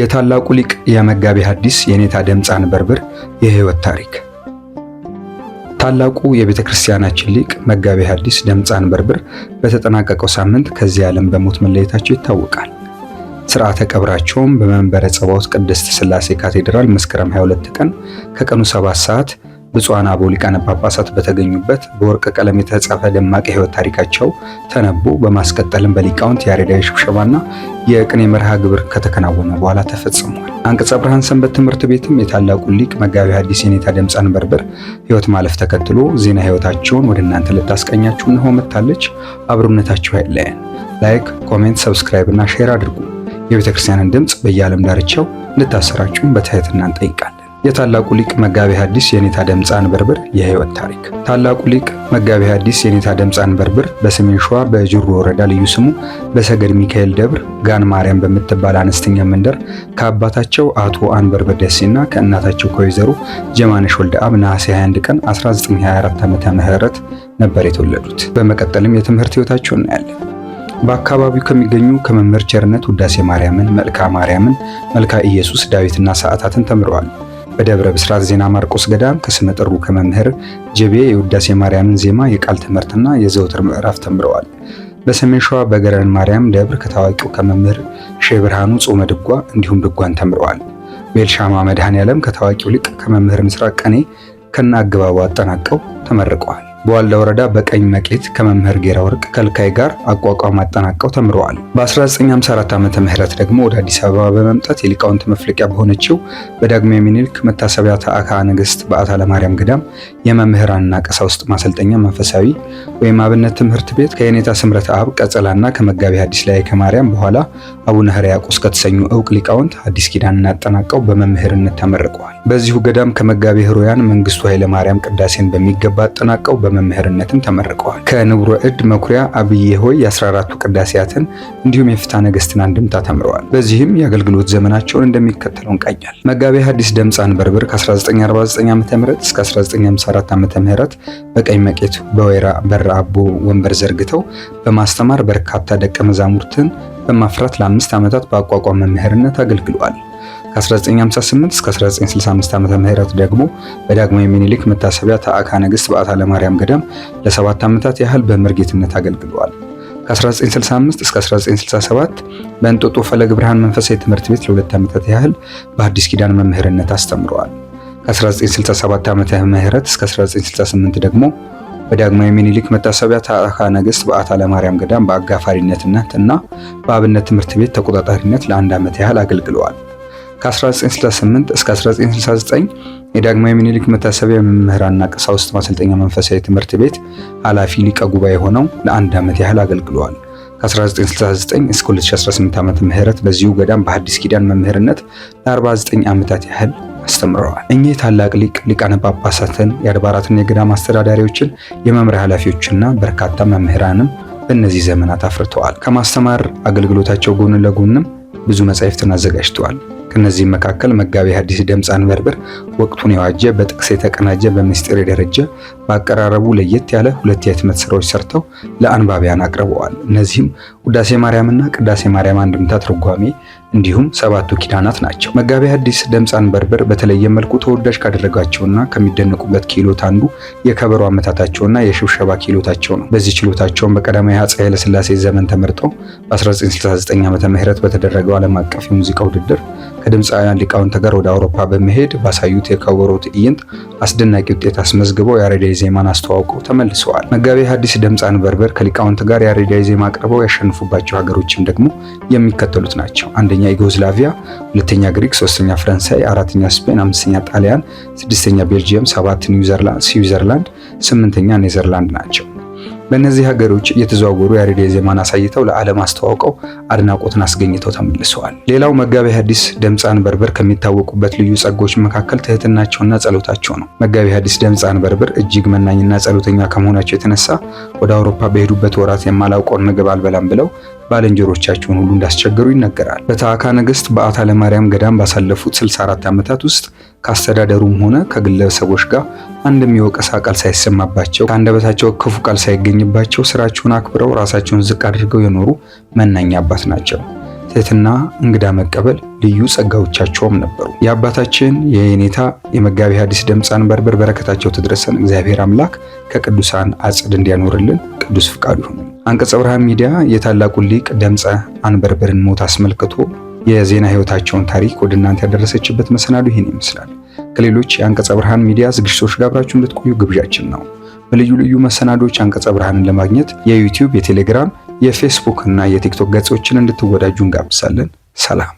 የታላቁ ሊቅ የመጋቤ ሐዲስ የኔታ ደምፃን በርብር የህይወት ታሪክ ታላቁ የቤተ ክርስቲያናችን ሊቅ መጋቤ ሐዲስ ድምፃን በርብር በተጠናቀቀው ሳምንት ከዚህ ዓለም በሞት መለየታቸው ይታወቃል። ስርዓተ ቀብራቸውም በመንበረ ጸባዖት ቅድስት ሥላሴ ካቴድራል መስከረም 22 ቀን ከቀኑ 7 ሰዓት ብፁዓን አበው ሊቃነ ጳጳሳት በተገኙበት በወርቅ ቀለም የተጻፈ ደማቅ የሕይወት ታሪካቸው ተነቦ በማስቀጠልም በሊቃውንት ያሬዳዊ ሽብሸባና የቅኔ መርሃ ግብር ከተከናወነ በኋላ ተፈጽሟል። አንቀጸ ብርሃን ሰንበት ትምህርት ቤትም የታላቁ ሊቅ መጋቢ ሐዲስ የኔታ ድምፃን በርበር ሕይወት ማለፍ ተከትሎ ዜና ሕይወታቸውን ወደ እናንተ ልታስቀኛችሁ እንሆ መታለች። አብሮነታችሁ አይለየን። ላይክ፣ ኮሜንት፣ ሰብስክራይብ እና ሼር አድርጉ። የቤተክርስቲያንን ድምፅ በየዓለም ዳርቻው እንድታሰራችሁን በትህትና እንጠይቃለን። የታላቁ ሊቅ መጋቤ ሐዲስ የኔታ ደምፃን በርብር የህይወት ታሪክ። ታላቁ ሊቅ መጋቤ ሐዲስ የኔታ ደምፃን በርብር በሰሜን ሸዋ በጅሩ ወረዳ ልዩ ስሙ በሰገድ ሚካኤል ደብር ጋን ማርያም በምትባል አነስተኛ መንደር ከአባታቸው አቶ አንበርበር ደሴና ከእናታቸው ከወይዘሮ ጀማነሽ አብ ነሐሴ 21 ቀን 1924 ዓ.ም ነበር የተወለዱት። በመቀጠልም የትምህርት ህይወታቸው እናያለን። በአካባቢው ከሚገኙ ከመምህር ቸርነት ውዳሴ ማርያምን፣ መልካ ማርያምን፣ መልካ ኢየሱስ፣ ዳዊትና ሰዓታትን ተምረዋል። በደብረ ብስራት ዜና ማርቆስ ገዳም ከስመጥሩ ጥሩ ከመምህር ጀቤ የውዳሴ ማርያምን ዜማ የቃል ትምህርትና የዘውትር ምዕራፍ ተምረዋል። በሰሜን ሸዋ በገረን ማርያም ደብር ከታዋቂው ከመምህር ሼህ ብርሃኑ ጾመ ድጓ እንዲሁም ድጓን ተምረዋል። በኤልሻማ መድኃኔ ዓለም ከታዋቂው ሊቅ ከመምህር ምስራቅ ቀኔ ከነ አገባቡ አጠናቀው ተመርቀዋል። በዋልዳ ወረዳ በቀኝ መቄት ከመምህር ጌራ ወርቅ ከልካይ ጋር አቋቋም አጠናቀው ተምረዋል። በ1954 ዓመተ ምህረት ደግሞ ወደ አዲስ አበባ በመምጣት የሊቃውንት መፍለቂያ በሆነችው በዳግማዊ ምኒልክ መታሰቢያ ተአካ ንግስት በአታ ለማርያም ገዳም የመምህራንና ቀሳውስት ማሰልጠኛ መንፈሳዊ ወይም አብነት ትምህርት ቤት ከየኔታ ስምረት አብ ቀጸላና ከመጋቢ ሐዲስ ላይ ከማርያም በኋላ አቡነ ሕርያቆስ ከተሰኙ እውቅ ሊቃውንት አዲስ ኪዳንን አጠናቀው በመምህርነት ተመርቀዋል። በዚሁ ገዳም ከመጋቢ ሕሩያን መንግስቱ ኃይለማርያም ቅዳሴን በሚገባ አጠናቀው በመምህርነትም ተመርቀዋል። ከንቡረ እድ መኩሪያ አብይ ሆይ የ14ቱ ቅዳሴያትን እንዲሁም የፍትሐ ነገሥትን አንድምታ ተምረዋል። በዚህም የአገልግሎት ዘመናቸውን እንደሚከተለው እንቃኛል። መጋቤ ሐዲስ ደምጻን በርብር ከ1949 ዓ ም እስከ 1954 ዓ ም በቀኝ መቄት በወይራ በራ አቦ ወንበር ዘርግተው በማስተማር በርካታ ደቀ መዛሙርትን በማፍራት ለአምስት ዓመታት በአቋቋም መምህርነት አገልግለዋል። ከ1958 እስከ 1965 ዓመተ ምህረት ደግሞ በዳግማዊ ምኒልክ መታሰቢያ ተአካ ነገሥት በአታ ለማርያም ገዳም ለሰባት ዓመታት ያህል በምርጌትነት አገልግለዋል። ከ1965 እስከ 1967 በእንጦጦ ፈለግ ብርሃን መንፈሳዊ ትምህርት ቤት ለሁለት ዓመታት ያህል በአዲስ ኪዳን መምህርነት አስተምረዋል። ከ1967 ዓመተ ምህረት እስከ 1968 ደግሞ በዳግማዊ ምኒልክ መታሰቢያ ተአካ ነገሥት በአታ ለማርያም ገዳም በአጋፋሪነትነት እና በአብነት ትምህርት ቤት ተቆጣጣሪነት ለአንድ ዓመት ያህል አገልግለዋል። ከ1968 እስከ 1969 የዳግማዊ ምኒልክ መታሰቢያ መምህራንና ቀሳውስት ማሰልጠኛ መንፈሳዊ ትምህርት ቤት ኃላፊ ሊቀ ጉባኤ ሆነው ለአንድ ዓመት ያህል አገልግለዋል። ከ1969 እስከ 2018 ዓመተ ምህረት በዚሁ ገዳም በሐዲስ ኪዳን መምህርነት ለ49 ዓመታት ያህል አስተምረዋል። እኚህ ታላቅ ሊቅ ሊቃነ ጳጳሳትን፣ የአድባራትና የገዳም አስተዳዳሪዎችን፣ የመምሪያ ኃላፊዎችና በርካታ መምህራንም በእነዚህ ዘመናት አፍርተዋል። ከማስተማር አገልግሎታቸው ጎን ለጎንም ብዙ መጻሕፍትን አዘጋጅተዋል። ከእነዚህም መካከል መጋቢ ሐዲስ ደምፅ አንበርብር ወቅቱን የዋጀ በጥቅስ የተቀናጀ በምስጢር የደረጀ በአቀራረቡ ለየት ያለ ሁለት የህትመት ስራዎች ሰርተው ለአንባቢያን አቅርበዋል። እነዚህም ውዳሴ ማርያምና ቅዳሴ ማርያም አንድምታ ትርጓሜ እንዲሁም ሰባቱ ኪዳናት ናቸው። መጋቢ ሐዲስ ደምፅ አንበርብር በተለየ መልኩ ተወዳጅ ካደረጋቸውና ከሚደነቁበት ኪሎት አንዱ የከበሮ አመታታቸውና የሽብሸባ ኪሎታቸው ነው። በዚህ ችሎታቸውን በቀዳማዊ አፄ ኃይለሥላሴ ዘመን ተመርጠው በ1969 ዓ ም በተደረገው ዓለም አቀፍ የሙዚቃ ውድድር ከድምፃውያን ሊቃውንት ጋር ወደ አውሮፓ በመሄድ ባሳዩት የከበሮ ትዕይንት አስደናቂ ውጤት አስመዝግበው ያሬዳዊ ዜማን አስተዋውቀው ተመልሰዋል። መጋቤ ሐዲስ ደምፃን በርበር ከሊቃውንት ጋር ያሬዳዊ ዜማ አቅርበው ያሸንፉባቸው ሀገሮችም ደግሞ የሚከተሉት ናቸው። አንደኛ ዩጎዝላቪያ፣ ሁለተኛ ግሪክ፣ ሶስተኛ ፈረንሳይ፣ አራተኛ ስፔን፣ አምስተኛ ጣሊያን፣ ስድስተኛ ቤልጅየም፣ ሰባት ስዊዘርላንድ፣ ስምንተኛ ኔዘርላንድ ናቸው። በእነዚህ ሀገሮች እየተዘዋወሩ ያሬድ ዜማን አሳይተው ለዓለም አስተዋውቀው አድናቆትን አስገኝተው ተመልሰዋል። ሌላው መጋቤ ሐዲስ ደምፃን በርበር ከሚታወቁበት ልዩ ጸጎች መካከል ትህትናቸውና ጸሎታቸው ነው። መጋቤ ሐዲስ ደምፃን በርበር እጅግ መናኝና ጸሎተኛ ከመሆናቸው የተነሳ ወደ አውሮፓ በሄዱበት ወራት የማላውቀውን ምግብ አልበላም ብለው ባልንጀሮቻቸውን ሁሉ እንዳስቸገሩ ይነገራል። በታዕካ ነገሥት በአታ ለማርያም ገዳም ባሳለፉት 64 ዓመታት ውስጥ ከአስተዳደሩም ሆነ ከግለሰቦች ጋር አንድም የወቀሳ ቃል ሳይሰማባቸው ከአንደበታቸው ክፉ ቃል ሳይገኝባቸው ስራቸውን አክብረው ራሳቸውን ዝቅ አድርገው የኖሩ መናኛ አባት ናቸው። ትህትና፣ እንግዳ መቀበል ልዩ ጸጋዎቻቸውም ነበሩ። የአባታችን የኔታ የመጋቢ ሐዲስ ደምጻን በርበር በረከታቸው ተድረሰን እግዚአብሔር አምላክ ከቅዱሳን አጽድ እንዲያኖርልን ቅዱስ ፍቃዱ ይሁን። አንቀጸ ብርሃን ሚዲያ የታላቁን ሊቅ ደምፀ አንበርበርን ሞት አስመልክቶ የዜና ህይወታቸውን ታሪክ ወደ እናንተ ያደረሰችበት መሰናዱ ይህን ይመስላል። ከሌሎች የአንቀጸ ብርሃን ሚዲያ ዝግጅቶች ጋር አብራችሁ እንድትቆዩ ግብዣችን ነው። በልዩ ልዩ መሰናዶች አንቀጸ ብርሃንን ለማግኘት የዩቲዩብ፣ የቴሌግራም፣ የፌስቡክ እና የቲክቶክ ገጾችን እንድትወዳጁ እንጋብዛለን። ሰላም።